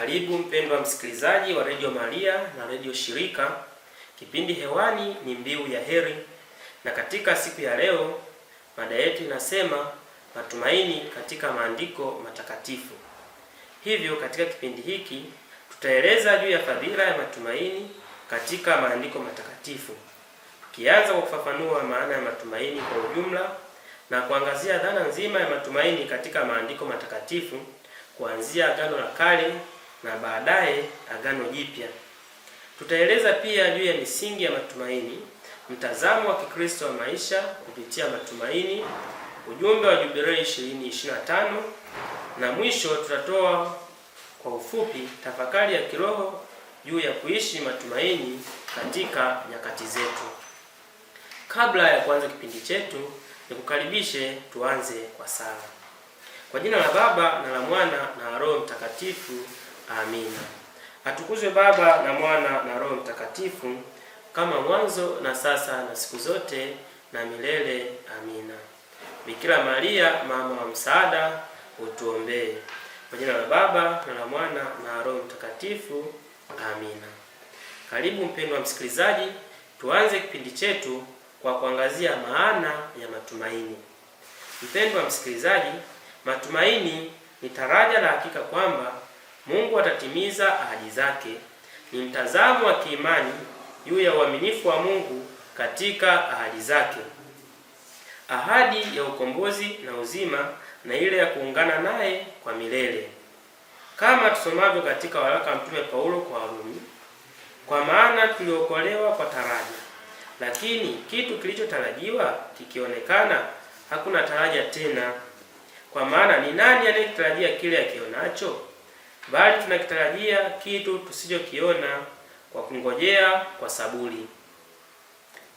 Karibu mpendwa msikilizaji wa Radio Maria na Radio Shirika. Kipindi hewani ni Mbiu ya Heri, na katika siku ya leo mada yetu inasema matumaini katika maandiko matakatifu. Hivyo katika kipindi hiki tutaeleza juu ya fadhila ya matumaini katika maandiko matakatifu, tukianza kwa kufafanua maana ya matumaini kwa ujumla na kuangazia dhana nzima ya matumaini katika maandiko matakatifu kuanzia Agano la Kale na baadaye Agano Jipya. Tutaeleza pia juu ya misingi ya matumaini, mtazamo wa Kikristo wa maisha kupitia matumaini, ujumbe wa Jubilei 2025 na mwisho tutatoa kwa ufupi tafakari ya kiroho juu ya kuishi matumaini katika nyakati zetu. Kabla ya kuanza kipindi chetu, nikukaribishe tuanze kwa sala. Kwa jina la Baba na la Mwana na Roho Mtakatifu. Amina. Atukuzwe Baba na Mwana na Roho Mtakatifu, kama mwanzo na sasa na siku zote na milele. Amina. Bikira Maria, mama wa msaada, utuombee. Kwa jina la Baba na la Mwana na Roho Mtakatifu. Amina. Karibu mpendwa msikilizaji, tuanze kipindi chetu kwa kuangazia maana ya matumaini. Mpendwa msikilizaji, matumaini ni taraja la hakika kwamba Mungu atatimiza ahadi zake. Ni mtazamo wa kiimani juu ya uaminifu wa Mungu katika ahadi zake, ahadi ya ukombozi na uzima na ile ya kuungana naye kwa milele, kama tusomavyo katika waraka Mtume Paulo kwa Warumi, kwa maana tuliokolewa kwa taraja, lakini kitu kilichotarajiwa kikionekana, hakuna taraja tena. Kwa maana ni nani anayetarajia kile akionacho? bali tunakitarajia kitu tusichokiona kwa kungojea kwa saburi.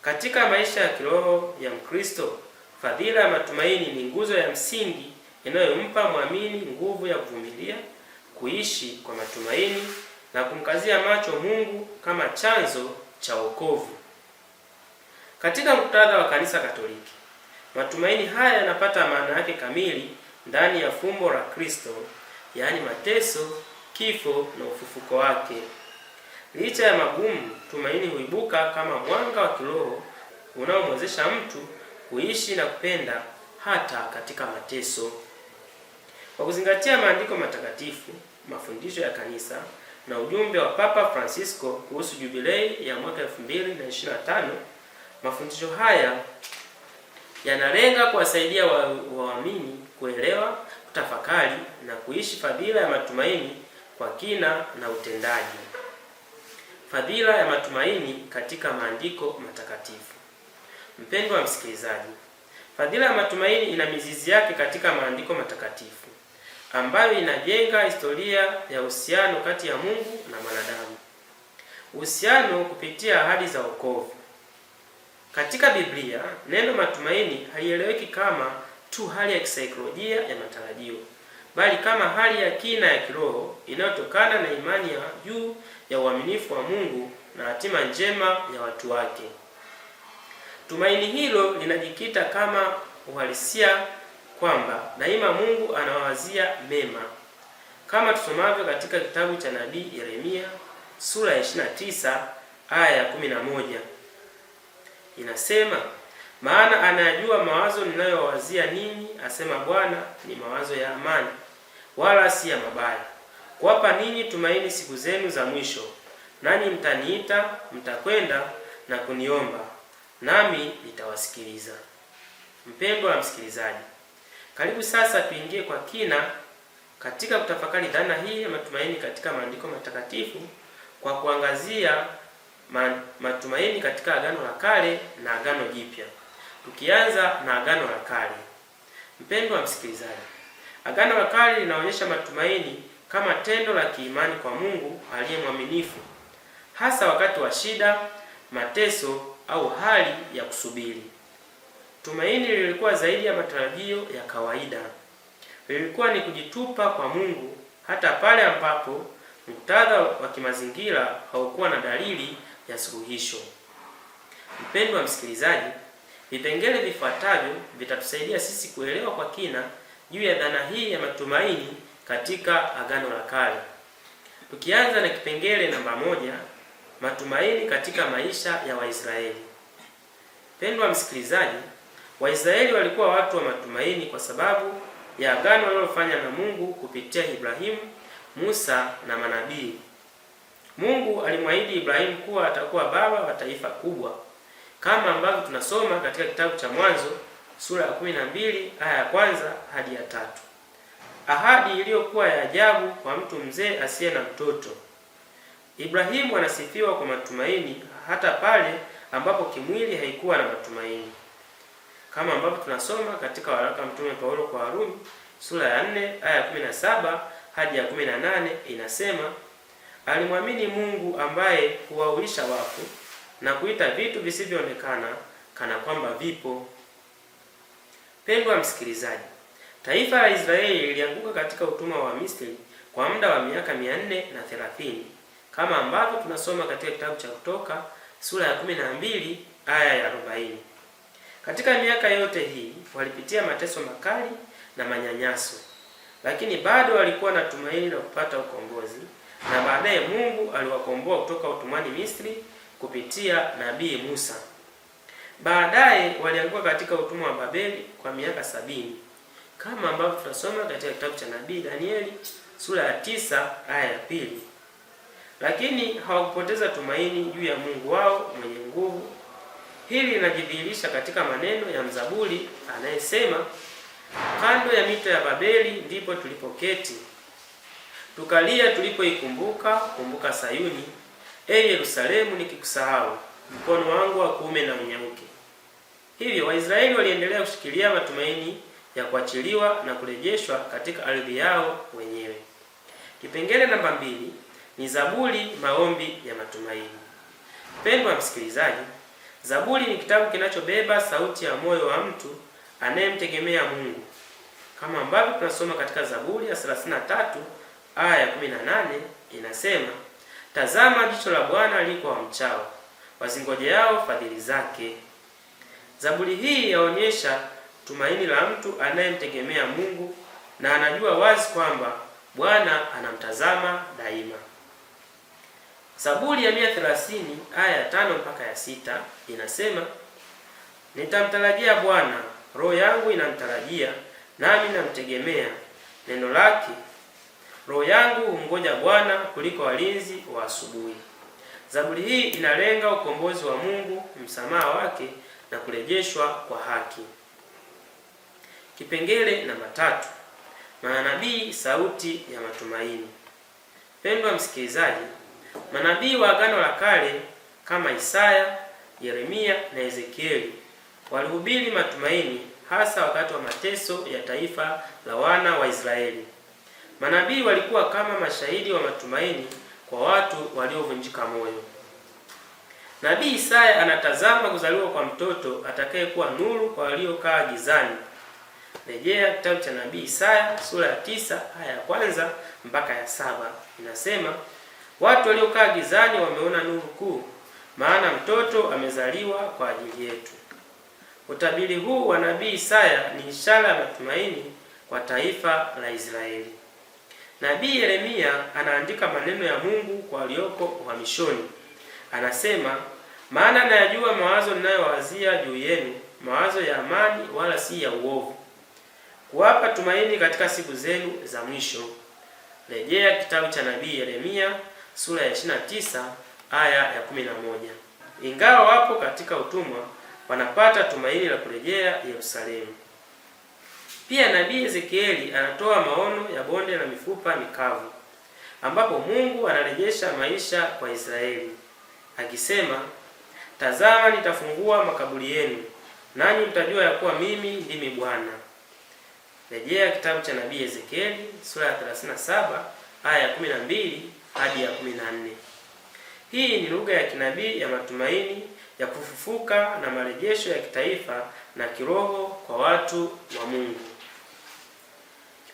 Katika maisha ya kiroho ya Mkristo, fadhila ya matumaini ni nguzo ya msingi inayompa mwamini nguvu ya kuvumilia, kuishi kwa matumaini na kumkazia macho Mungu kama chanzo cha wokovu. Katika muktadha wa Kanisa Katoliki, matumaini haya yanapata maana yake kamili ndani ya fumbo la Kristo yaani mateso, kifo na ufufuko wake. Licha ya magumu, tumaini huibuka kama mwanga wa kiroho unaomwezesha mtu kuishi na kupenda hata katika mateso. Kwa kuzingatia maandiko matakatifu, mafundisho ya kanisa na ujumbe wa Papa Francisco kuhusu jubilei ya mwaka 2025, mafundisho haya yanalenga kuwasaidia waamini wa kuelewa kutafakari na kuishi fadhila ya matumaini kwa kina na utendaji. Fadhila ya matumaini katika maandiko matakatifu. Mpendwa wa msikilizaji, fadhila ya matumaini ina mizizi yake katika maandiko matakatifu ambayo inajenga historia ya uhusiano kati ya Mungu na mwanadamu, uhusiano kupitia ahadi za wokovu. Katika Biblia neno matumaini haieleweki kama tu hali ya kisaikolojia ya matarajio, bali kama hali ya kina ya kiroho inayotokana na imani ya juu ya uaminifu wa Mungu na hatima njema ya watu wake. Tumaini hilo linajikita kama uhalisia kwamba daima Mungu anawazia mema, kama tusomavyo katika kitabu cha nabii Yeremia sura ya 29 aya ya 11 inasema maana anajua mawazo ninayowazia ninyi, asema Bwana, ni mawazo ya amani, wala si ya mabaya, kuwapa ninyi tumaini siku zenu za mwisho. Nanyi mtaniita, mtakwenda na kuniomba, nami nitawasikiliza. Mpendwa wa msikilizaji, karibu sasa tuingie kwa kina katika kutafakari dhana hii ya matumaini katika maandiko matakatifu kwa kuangazia matumaini katika Agano la Kale na Agano Jipya. Tukianza na Agano la Kale. Mpendwa msikilizaji, Agano la Kale linaonyesha matumaini kama tendo la kiimani kwa Mungu aliye mwaminifu, hasa wakati wa shida, mateso au hali ya kusubiri. Tumaini lilikuwa zaidi ya matarajio ya kawaida. Lilikuwa ni kujitupa kwa Mungu hata pale ambapo muktadha wa kimazingira haukuwa na dalili ya suluhisho. Mpendwa msikilizaji, Vipengele vifuatavyo vitatusaidia sisi kuelewa kwa kina juu ya dhana hii ya matumaini katika Agano la Kale. Tukianza na kipengele namba moja, matumaini katika maisha ya Waisraeli. Pendwa msikilizaji, Waisraeli walikuwa watu wa matumaini kwa sababu ya agano walilofanya na Mungu kupitia Ibrahimu, Musa na manabii. Mungu alimwahidi Ibrahimu kuwa atakuwa baba wa taifa kubwa kama ambavyo tunasoma katika kitabu cha Mwanzo sura ya kumi na mbili aya ya kwanza hadi ya tatu. Ahadi iliyokuwa ya ajabu kwa mtu mzee asiye na mtoto. Ibrahimu anasifiwa kwa matumaini hata pale ambapo kimwili haikuwa na matumaini, kama ambavyo tunasoma katika waraka Mtume Paulo kwa Warumi sura ya 4 aya ya 17 hadi ya 18, inasema alimwamini Mungu ambaye huwaulisha wafu na kuita vitu visivyoonekana kana kwamba vipo. Pendwa msikilizaji, taifa la Israeli lilianguka katika utumwa wa Misri kwa muda wa miaka mia nne na thelathini kama ambavyo tunasoma katika kitabu cha Kutoka sura ya 12 aya ya 40. Katika miaka yote hii walipitia mateso makali na manyanyaso, lakini bado walikuwa na tumaini la kupata ukombozi, na baadaye Mungu aliwakomboa kutoka utumwani Misri kupitia nabii Musa. Baadaye walianguka katika utumwa wa Babeli kwa miaka sabini kama ambavyo tutasoma katika kitabu cha nabii Danieli sura ya tisa aya ya pili. Lakini hawakupoteza tumaini juu ya Mungu wao mwenye nguvu. Hili linajidhihirisha katika maneno ya mzaburi anayesema, kando ya mito ya Babeli ndipo tulipoketi tukalia tulipoikumbuka kumbuka Sayuni Ee Yerusalemu, nikikusahau mkono wangu wa kuume na unyauke. Hivyo Waisraeli waliendelea kushikilia matumaini ya kuachiliwa na kurejeshwa katika ardhi yao wenyewe. Kipengele namba mbili ni Zaburi, maombi ya matumaini. Mpendwa msikilizaji, Zaburi ni kitabu kinachobeba sauti ya moyo wa mtu anayemtegemea Mungu, kama ambavyo tunasoma katika Zaburi ya 33 aya ya 18 inasema Tazama jicho la Bwana liko wamchao, wazingojeao fadhili zake. Zaburi hii yaonyesha tumaini la mtu anayemtegemea Mungu na anajua wazi kwamba Bwana anamtazama daima. Zaburi ya 130 aya ya mpaka ya sita inasema, nitamtarajia Bwana, roho yangu inamtarajia, nami namtegemea neno lake roho yangu humngoja Bwana kuliko walinzi wa asubuhi. Zaburi hii inalenga ukombozi wa Mungu, msamaha wake na kurejeshwa kwa haki. Kipengele namba tatu: manabii, sauti ya matumaini. Pendwa msikilizaji, manabii wa Agano la Kale kama Isaya, Yeremia na Ezekieli walihubiri matumaini, hasa wakati wa mateso ya taifa la wana wa Israeli. Manabii walikuwa kama mashahidi wa matumaini kwa watu waliovunjika moyo. Nabii Isaya anatazama kuzaliwa kwa mtoto atakayekuwa nuru kwa waliokaa gizani. Rejea kitabu cha Nabii Isaya sura ya tisa aya ya kwanza mpaka ya saba inasema, watu waliokaa gizani wameona nuru kuu, maana mtoto amezaliwa kwa ajili yetu. Utabiri huu wa Nabii Isaya ni ishara ya matumaini kwa taifa la Israeli. Nabii Yeremia anaandika maneno ya Mungu kwa walioko uhamishoni. Anasema, maana nayajua mawazo ninayowazia juu yenu, mawazo ya amani, wala si ya uovu, kuwapa tumaini katika siku zenu za mwisho. Rejea kitabu cha nabii Yeremia sura ya 29 aya ya 11. Ingawa wapo katika utumwa, wanapata tumaini la kurejea Yerusalemu. Pia nabii Ezekieli anatoa maono ya bonde la mifupa mikavu, ambapo Mungu anarejesha maisha kwa Israeli akisema, tazama, nitafungua makaburi yenu, nanyi mtajua ya kuwa mimi ndimi Bwana. Rejea kitabu cha nabii Ezekieli sura ya 37 aya ya 12 hadi ya 14. Hii ni lugha ya kinabii ya matumaini ya kufufuka na marejesho ya kitaifa na kiroho kwa watu wa Mungu.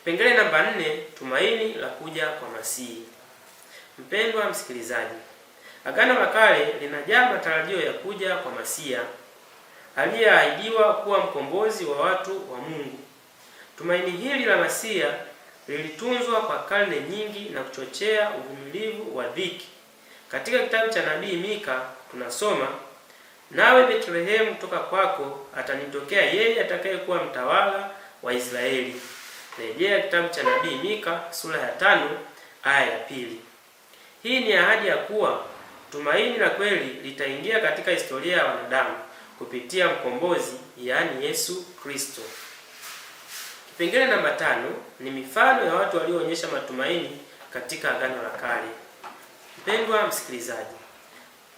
Kipengele namba nne: tumaini la kuja kwa Masihi. Mpendwa msikilizaji, Agano la Kale linajaa matarajio ya kuja kwa Masihi aliyeahidiwa kuwa mkombozi wa watu wa Mungu. Tumaini hili la Masihi lilitunzwa kwa karne nyingi na kuchochea uvumilivu wa dhiki. Katika kitabu cha nabii Mika tunasoma, nawe Betlehemu, toka kwako atanitokea yeye atakayekuwa mtawala wa Israeli. Rejea kitabu cha nabii Mika sura ya tano aya ya pili. Hii ni ahadi ya kuwa tumaini la kweli litaingia katika historia ya wanadamu kupitia mkombozi, yaani Yesu Kristo. Kipengele namba tano ni mifano ya watu walioonyesha matumaini katika Agano la Kale. Mpendwa msikilizaji,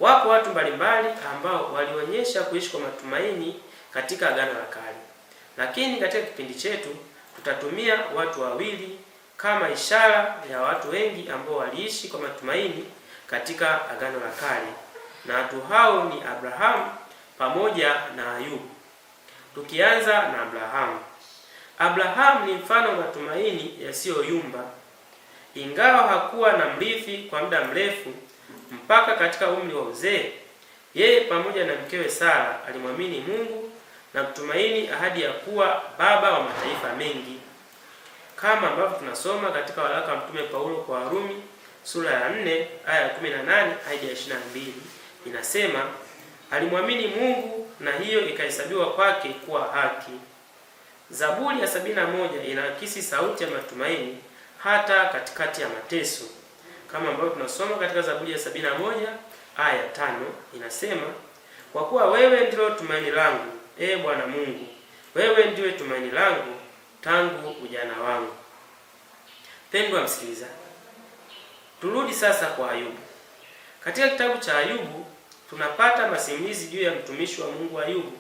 wapo watu mbalimbali ambao walionyesha kuishi kwa matumaini katika Agano la Kale, lakini katika kipindi chetu tutatumia watu wawili kama ishara ya watu wengi ambao waliishi kwa matumaini katika Agano la Kale, na watu hao ni Abrahamu pamoja na Ayubu. Tukianza na Abrahamu. Abrahamu ni mfano wa matumaini yasiyoyumba. Ingawa hakuwa na mrithi kwa muda mrefu mpaka katika umri wa uzee, yeye pamoja na mkewe Sara alimwamini Mungu na kutumaini ahadi ya kuwa baba wa mataifa mengi, kama ambavyo tunasoma katika waraka Mtume Paulo kwa Warumi sura ya 4 aya ya 18 hadi ya 22, inasema alimwamini Mungu na hiyo ikahesabiwa kwake kuwa haki. Zaburi ya 71 inaakisi sauti ya matumaini hata katikati ya mateso, kama ambavyo tunasoma katika Zaburi ya 71 aya ya 5, inasema kwa kuwa wewe ndilo tumaini langu Ee Bwana Mungu, wewe ndiwe tumaini langu tangu ujana wangu. Pendwa msikiliza, turudi sasa kwa Ayubu. Katika kitabu cha Ayubu tunapata masimulizi juu ya mtumishi wa Mungu Ayubu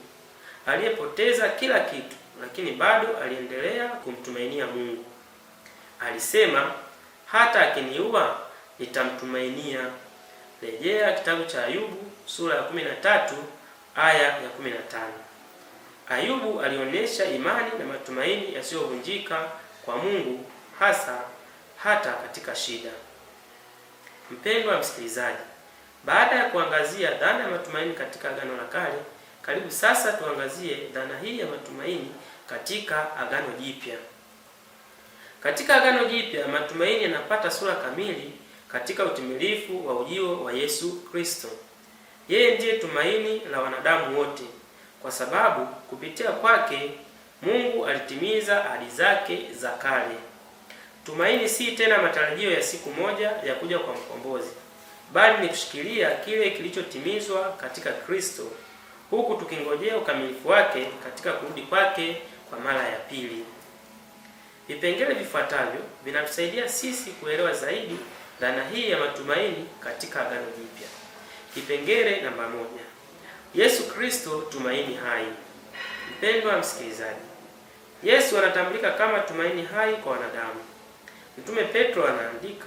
aliyepoteza kila kitu, lakini bado aliendelea kumtumainia Mungu. Alisema, hata akiniua nitamtumainia. Rejea kitabu cha Ayubu sura ya 13 aya ya 15. Ayubu alionyesha imani na matumaini yasiyovunjika kwa Mungu hasa hata katika shida. Mpendwa msikilizaji, baada ya kuangazia dhana ya matumaini katika Agano la Kale, karibu sasa tuangazie dhana hii ya matumaini katika Agano Jipya. Katika Agano Jipya, matumaini yanapata sura kamili katika utimilifu wa ujio wa Yesu Kristo. Yeye ndiye tumaini la wanadamu wote kwa sababu kupitia kwake Mungu alitimiza ahadi zake za kale. Tumaini si tena matarajio ya siku moja ya kuja kwa mkombozi, bali ni kushikilia kile kilichotimizwa katika Kristo, huku tukingojea ukamilifu wake katika kurudi kwake kwa mara ya pili. Vipengele vifuatavyo vinatusaidia sisi kuelewa zaidi dhana hii ya matumaini katika Agano Jipya. Kipengele namba moja: Yesu Kristo tumaini hai. Mpendwa msikilizaji, Yesu anatambulika kama tumaini hai kwa wanadamu. Mtume Petro anaandika,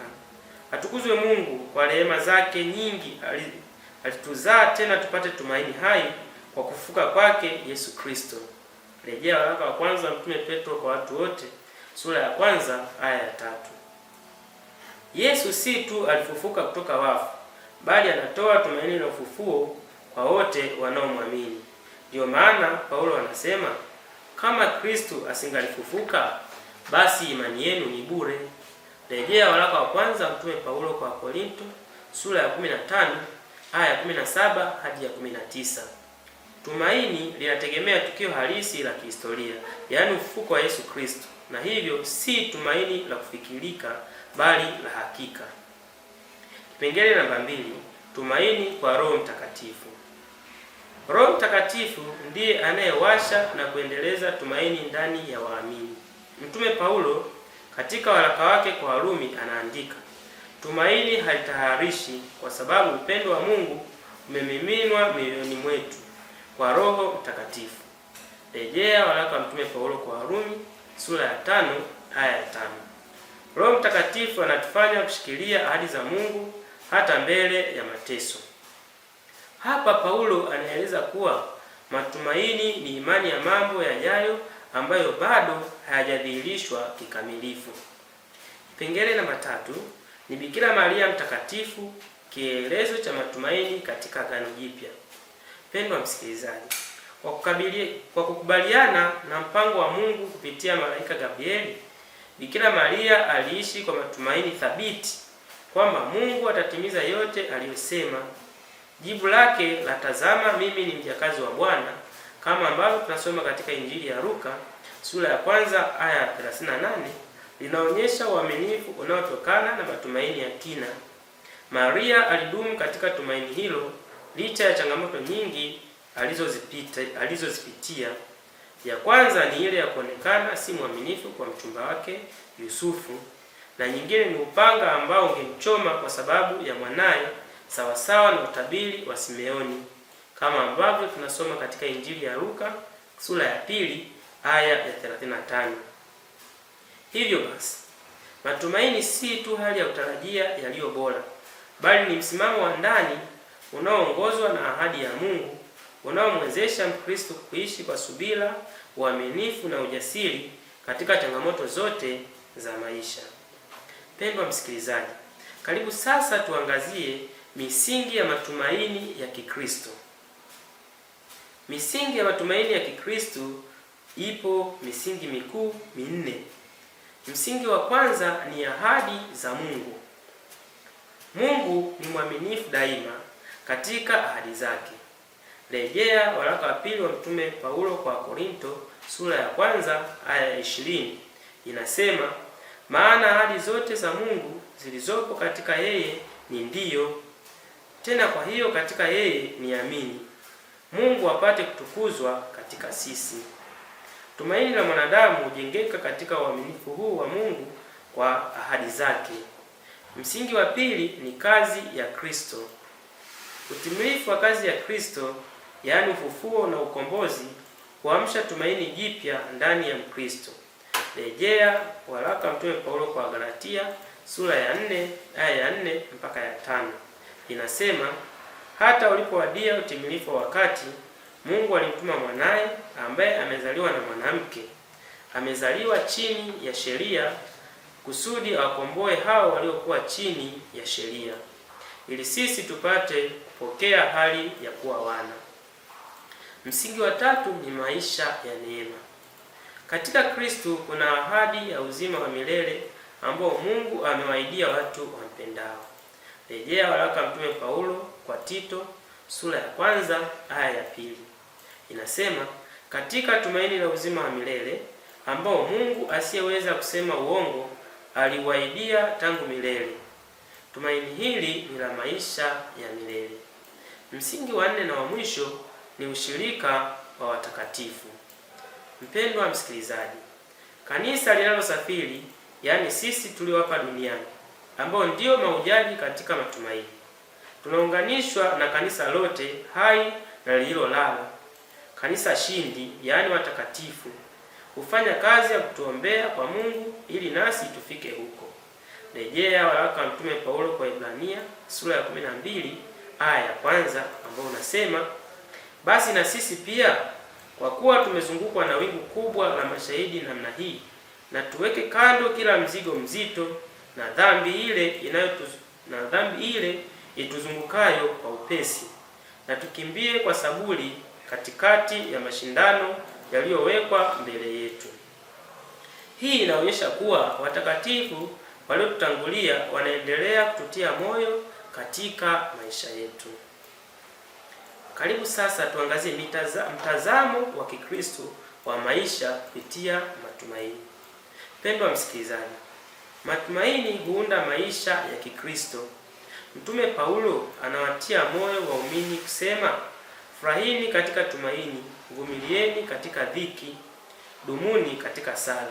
atukuzwe Mungu kwa rehema zake nyingi alituzaa tena tupate tumaini hai kwa kufuka kwake Yesu Kristo. Rejea waraka wa kwanza Mtume Petro kwa watu wote sura ya kwanza aya ya tatu. Yesu si tu alifufuka kutoka wafu, bali anatoa tumaini la ufufuo kwa wote wanaomwamini. Ndiyo maana Paulo anasema kama Kristo asingalifufuka basi imani yenu ni bure. Rejea waraka wa kwanza Mtume Paulo kwa Korinto sura ya 15 aya ya 17 hadi ya 19. Tumaini linategemea tukio halisi la kihistoria, yaani ufufuko wa Yesu Kristo, na hivyo si tumaini la kufikirika bali la hakika. Kipengele namba mbili: tumaini kwa Roho Mtakatifu. Roho Mtakatifu ndiye anayewasha na kuendeleza tumaini ndani ya waamini. Mtume Paulo katika waraka wake kwa Warumi anaandika, tumaini halitaharishi kwa sababu upendo wa Mungu umemiminwa mioyoni mwetu kwa Roho Mtakatifu. Rejea waraka wa Mtume Paulo kwa Warumi sura ya tano aya ya tano. Roho Mtakatifu anatufanya kushikilia ahadi za Mungu hata mbele ya mateso. Hapa Paulo anaeleza kuwa matumaini ni imani ya mambo yajayo ambayo bado hayajadhihirishwa kikamilifu. Kipengele namba tatu ni Bikira Maria mtakatifu, kielezo cha matumaini katika Agano Jipya. Pendwa msikilizaji, kwa kukabili, kwa kukubaliana na mpango wa Mungu kupitia malaika Gabrieli, Bikira Maria aliishi kwa matumaini thabiti kwamba Mungu atatimiza yote aliyosema Jibu lake la tazama, mimi ni mjakazi wa Bwana, kama ambavyo tunasoma katika Injili ya Luka sura ya kwanza aya ya 38 linaonyesha uaminifu unaotokana na matumaini ya kina. Maria alidumu katika tumaini hilo licha ya changamoto nyingi alizozipita alizozipitia. Ya kwanza ni ile ya kuonekana si mwaminifu kwa mchumba wake Yusufu, na nyingine ni upanga ambao ungemchoma kwa sababu ya mwanaye sawasawa na utabiri wa Simeoni kama ambavyo tunasoma katika Injili ya Luka sura ya pili aya ya 35. Hivyo basi matumaini si tu hali ya kutarajia yaliyo bora, bali ni msimamo wa ndani unaoongozwa na ahadi ya Mungu unaomwezesha Mkristo kuishi kwa subira, uaminifu na ujasiri katika changamoto zote za maisha. Pendwa msikilizaji, karibu sasa tuangazie Misingi ya matumaini ya Kikristo. Misingi ya matumaini ya Kikristo ipo misingi mikuu minne. Msingi wa kwanza ni ahadi za Mungu. Mungu ni mwaminifu daima katika ahadi zake. Rejea waraka wa pili wa Mtume Paulo kwa Korinto sura ya kwanza aya ya ishirini inasema, maana ahadi zote za Mungu zilizopo katika yeye ni ndiyo tena kwa hiyo katika yeye niamini, Mungu apate kutukuzwa katika sisi. Tumaini la mwanadamu hujengeka katika uaminifu huu wa Mungu kwa ahadi zake. Msingi wa pili ni kazi ya Kristo. Utimilifu wa kazi ya Kristo, yaani ufufuo na ukombozi, huamsha tumaini jipya ndani ya Mkristo. Rejea waraka Mtume Paulo kwa Galatia sura ya 4 aya ya 4 mpaka ya tano inasema hata ulipowadia utimilifu wa wakati, Mungu alimtuma mwanaye ambaye amezaliwa na mwanamke, amezaliwa chini ya sheria, kusudi awakomboe hao waliokuwa chini ya sheria, ili sisi tupate kupokea hali ya kuwa wana. Msingi wa tatu ni maisha ya neema. Katika Kristu kuna ahadi ya uzima wa milele ambao Mungu amewaidia watu wampendao. Rejea waraka Mtume Paulo kwa Tito sura ya kwanza aya ya pili. Inasema, katika tumaini la uzima wa milele ambao Mungu asiyeweza kusema uongo aliwaidia tangu milele. Tumaini hili ni la maisha ya milele. Msingi wa nne na wa mwisho ni ushirika wa watakatifu. Mpendwa msikilizaji, kanisa linalosafiri, yaani sisi tulio hapa duniani ambao ndio maujaji katika matumaini. Tunaunganishwa na kanisa lote hai na lililolala, kanisa shindi, yaani watakatifu hufanya kazi ya kutuombea kwa Mungu ili nasi tufike huko. Rejea waraka Mtume Paulo kwa Ibrania sura ya 12 aya ya kwanza ambao unasema basi na sisi pia kwa kuwa tumezungukwa na wingu kubwa la mashahidi namna hii, na tuweke kando kila mzigo mzito na dhambi ile inayotuz, na dhambi ile ituzungukayo kwa upesi, na tukimbie kwa saburi katikati ya mashindano yaliyowekwa mbele yetu. Hii inaonyesha kuwa watakatifu waliotutangulia wanaendelea kututia moyo katika maisha yetu. Karibu sasa tuangazie mtazamo wa Kikristo wa maisha kupitia matumaini. Pendwa msikilizaji, Matumaini huunda maisha ya Kikristo. Mtume Paulo anawatia moyo waumini kusema, furahini katika tumaini, vumilieni katika dhiki, dumuni katika sala.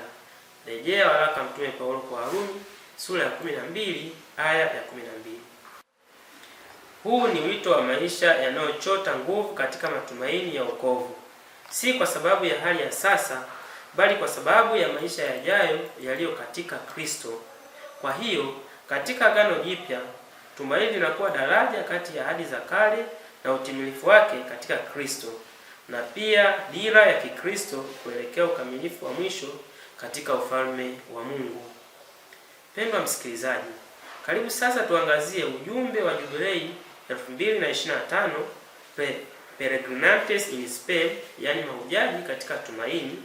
Rejea waraka Mtume Paulo kwa Warumi sura ya 12 aya ya 12. Huu ni wito wa maisha yanayochota nguvu katika matumaini ya wokovu, si kwa sababu ya hali ya sasa bali kwa sababu ya maisha yajayo yaliyo katika Kristo. Kwa hiyo katika Agano Jipya tumaini linakuwa daraja kati ya ahadi za kale na utimilifu wake katika Kristo, na pia dira ya Kikristo kuelekea ukamilifu wa mwisho katika ufalme wa Mungu. Pendwa msikilizaji, karibu sasa tuangazie ujumbe wa Jubilei 2025 Peregrinantes in Spe, yani mahujaji katika tumaini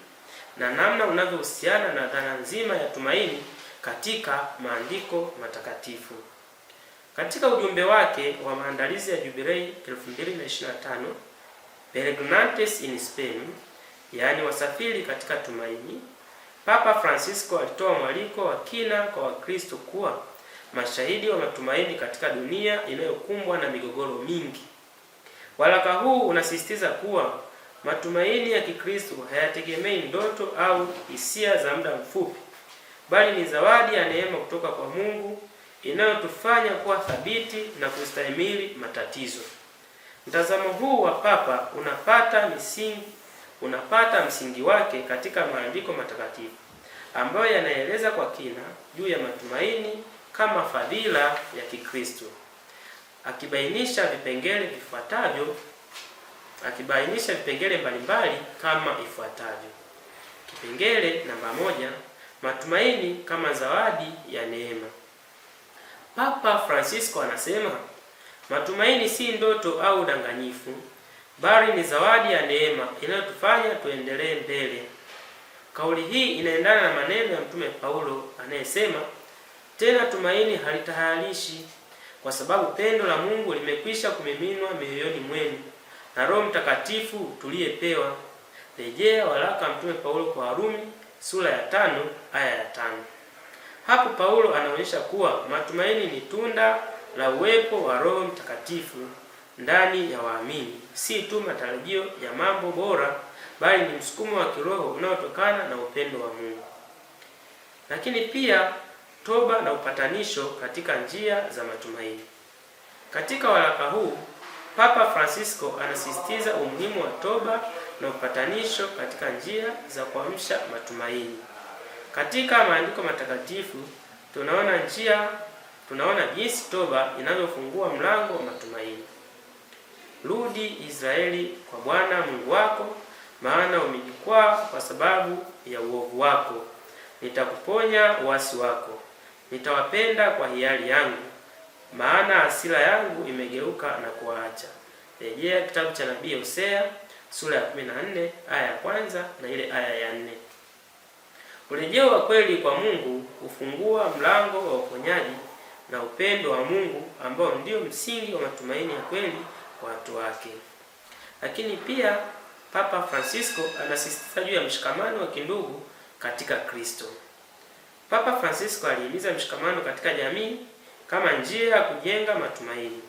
na namna unavyohusiana na dhana nzima ya tumaini katika maandiko matakatifu. Katika ujumbe wake wa maandalizi ya Jubilei 2025 Peregrinantes in Spain, yaani wasafiri katika tumaini, Papa Francisco alitoa mwaliko wa kina kwa Wakristo kuwa mashahidi wa matumaini katika dunia inayokumbwa na migogoro mingi. Waraka huu unasisitiza kuwa Matumaini ya Kikristo hayategemei ndoto au hisia za muda mfupi, bali ni zawadi ya neema kutoka kwa Mungu inayotufanya kuwa thabiti na kustahimili matatizo. Mtazamo huu wa Papa unapata misingi, unapata msingi wake katika maandiko matakatifu ambayo yanaeleza kwa kina juu ya matumaini kama fadhila ya Kikristo, akibainisha vipengele vifuatavyo akibainisha vipengele mbalimbali kama ifuatavyo. Kipengele namba moja, matumaini kama zawadi ya neema. Papa Francisco anasema matumaini si ndoto au udanganyifu, bali ni zawadi ya neema inayotufanya tuendelee mbele. Kauli hii inaendana na maneno ya Mtume Paulo anayesema, tena tumaini halitahayarishi, kwa sababu pendo la Mungu limekwisha kumiminwa mioyoni mwenu na Roho Mtakatifu tuliyepewa. Rejea waraka Mtume Paulo kwa Warumi sura ya tano aya ya tano. Hapo Paulo anaonyesha kuwa matumaini ni tunda la uwepo wa Roho Mtakatifu ndani ya waamini, si tu matarajio ya mambo bora, bali ni msukumo wa kiroho unaotokana na upendo wa Mungu. Lakini pia toba na upatanisho katika njia za matumaini. Katika waraka huu Papa Francisco anasisitiza umuhimu wa toba na upatanisho katika njia za kuamsha matumaini. Katika maandiko matakatifu tunaona njia, tunaona jinsi toba inavyofungua mlango wa matumaini. Rudi Israeli kwa Bwana Mungu wako, maana umejikwaa kwa sababu ya uovu wako. Nitakuponya uasi wako, nitawapenda kwa hiari yangu maana hasira yangu imegeuka na kuwaacha. Rejea kitabu cha nabii Hosea sura ya 14 aya ya kwanza na ile aya ya nne. Urejeo wa kweli kwa Mungu hufungua mlango wa uponyaji na upendo wa Mungu ambao ndio msingi wa matumaini ya kweli kwa watu wake. Lakini pia Papa Francisco anasisitiza juu ya mshikamano wa kindugu katika Kristo. Papa Francisco alihimiza mshikamano katika jamii kama njia ya kujenga matumaini.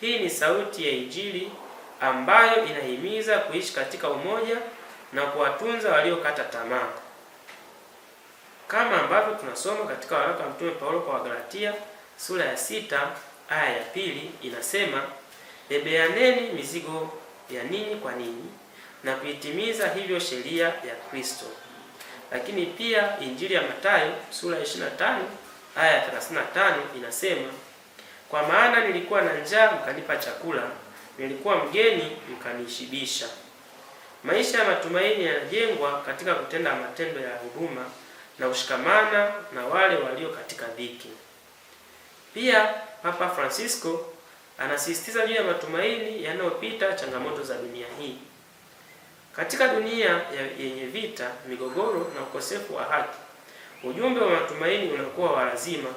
Hii ni sauti ya Injili ambayo inahimiza kuishi katika umoja na kuwatunza waliokata tamaa, kama ambavyo tunasoma katika waraka wa Mtume Paulo kwa Wagalatia sura ya sita aya ya pili inasema, bebeaneni mizigo ya ninyi kwa ninyi na kuitimiza hivyo sheria ya Kristo. Lakini pia Injili ya Mathayo sura ya 25 aya ya 35 inasema, kwa maana nilikuwa na njaa mkanipa chakula, nilikuwa mgeni mkanishibisha. Maisha ya matumaini yanajengwa katika kutenda matendo ya huduma na ushikamana na wale walio katika dhiki. Pia Papa Francisco anasisitiza juu ya matumaini yanayopita changamoto za dunia hii. Katika dunia yenye vita, migogoro na ukosefu wa haki Ujumbe wa matumaini unakuwa wa lazima.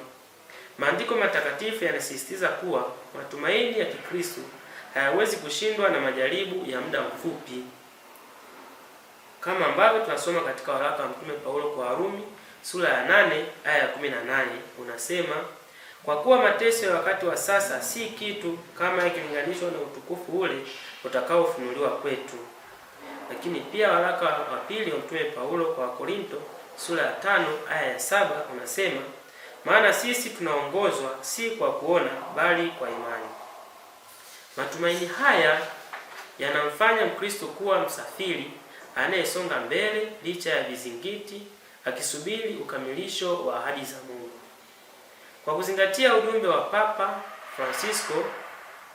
Maandiko matakatifu yanasisitiza kuwa matumaini ya Kikristo hayawezi kushindwa na majaribu ya muda mfupi, kama ambavyo tunasoma katika waraka wa Mtume Paulo kwa Warumi sura ya 8 aya ya 18, unasema kwa kuwa mateso ya wakati wa sasa si kitu kama ikilinganishwa na utukufu ule utakaofunuliwa kwetu. Lakini pia waraka wa pili wa Mtume Paulo kwa Wakorinto sura ya tano aya ya saba unasema, maana sisi tunaongozwa si kwa kuona bali kwa imani. Matumaini haya yanamfanya Mkristo kuwa msafiri anayesonga mbele licha ya vizingiti, akisubiri ukamilisho wa ahadi za Mungu. Kwa kuzingatia ujumbe wa Papa Francisco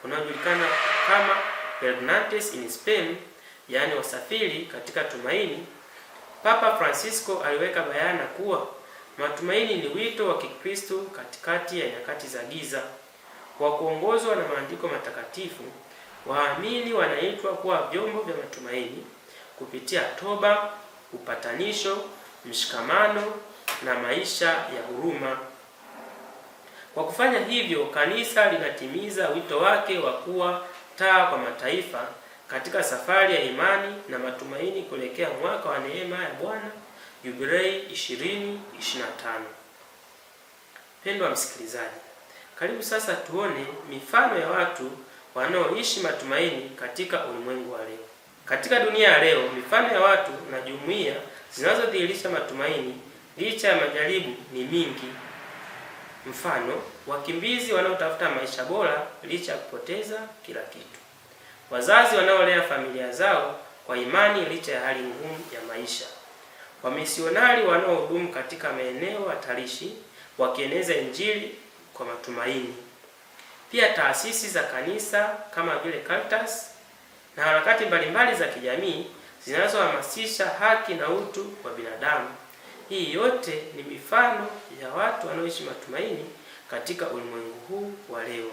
unaojulikana kama Peregrinatus in Spain, yaani wasafiri katika tumaini Papa Francisco aliweka bayana kuwa matumaini ni wito wa Kikristo katikati ya nyakati za giza. Kwa kuongozwa na maandiko matakatifu, waamini wanaitwa kuwa vyombo vya matumaini kupitia toba, upatanisho, mshikamano na maisha ya huruma. Kwa kufanya hivyo, kanisa linatimiza wito wake wa kuwa taa kwa mataifa katika safari ya imani na matumaini kuelekea mwaka wa neema ya Bwana Jubilei 2025. Pendwa msikilizaji, karibu sasa tuone mifano ya watu wanaoishi matumaini katika ulimwengu wa leo. Katika dunia ya leo, mifano ya watu na jumuiya zinazodhihirisha matumaini licha ya majaribu ni mingi. Mfano, wakimbizi wanaotafuta maisha bora licha ya kupoteza kila kitu. Wazazi wanaolea familia zao kwa imani licha ya hali ngumu ya maisha, wamisionari wanaohudumu katika maeneo hatarishi wakieneza Injili kwa matumaini. Pia taasisi za kanisa kama vile Caritas na harakati mbalimbali za kijamii zinazohamasisha haki na utu wa binadamu. Hii yote ni mifano ya watu wanaoishi matumaini katika ulimwengu huu wa leo,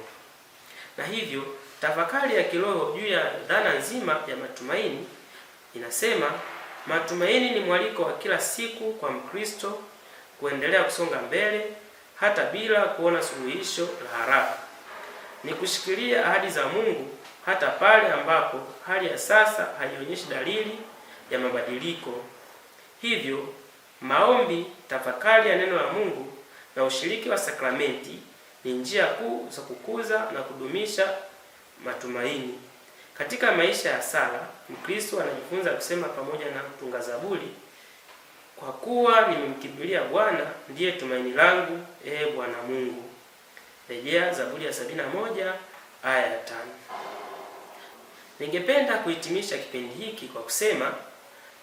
na hivyo Tafakari ya kiroho juu ya dhana nzima ya matumaini inasema matumaini ni mwaliko wa kila siku kwa Mkristo kuendelea kusonga mbele hata bila kuona suluhisho la haraka. Ni kushikilia ahadi za Mungu hata pale ambapo hali ya sasa haionyeshi dalili ya mabadiliko. Hivyo, maombi, tafakari ya neno la Mungu na ushiriki wa sakramenti ni njia kuu za kukuza na kudumisha matumaini. Katika maisha ya sala, Mkristo anajifunza kusema pamoja na kutunga zaburi, kwa kuwa nimemkimbilia Bwana, ndiye tumaini langu, ee Bwana Mungu. Rejea Zaburi ya moja aya ya tano. Ningependa kuhitimisha kipindi hiki kwa kusema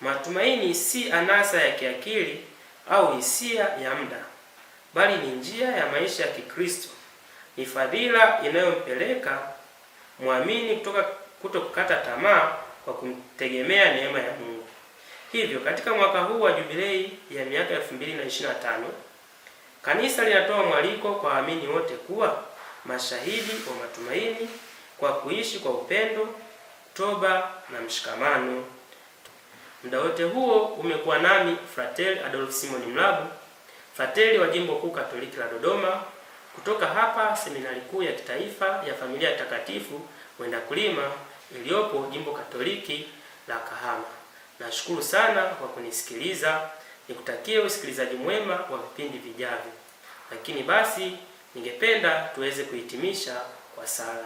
matumaini si anasa ya kiakili au hisia ya muda, bali ni njia ya maisha ya Kikristo, ni fadhila inayompeleka mwamini kutoka kuto kukata tamaa kwa kumtegemea neema ya Mungu. Hivyo katika mwaka huu wa jubilei ya miaka 2025 kanisa linatoa mwaliko kwa waamini wote kuwa mashahidi wa matumaini kwa kuishi kwa upendo, toba na mshikamano. Muda wote huo umekuwa nami fratel Adolf Simon Mlabu, frateli wa Jimbo Kuu Katoliki la Dodoma. Kutoka hapa seminari kuu ya kitaifa ya familia takatifu Mwenda Kulima iliyopo jimbo Katoliki la Kahama. Nashukuru sana kwa kunisikiliza, nikutakie usikilizaji mwema wa vipindi vijavyo. Lakini basi ningependa tuweze kuhitimisha kwa sala.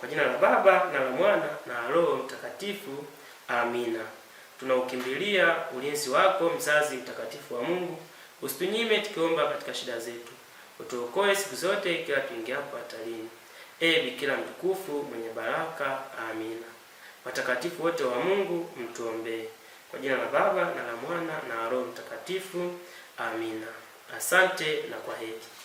Kwa jina la Baba na la Mwana na Roho Mtakatifu, amina. Tunaukimbilia ulinzi wako mzazi mtakatifu wa Mungu, usitunyime tukiomba katika shida zetu utuokoe siku zote, kila tuingiapo hatarini. Ee Bikira mtukufu mwenye baraka, amina. Watakatifu wote wa Mungu mtuombee. Kwa jina la Baba na la Mwana na Roho Mtakatifu, amina. Asante na kwa kwaheri.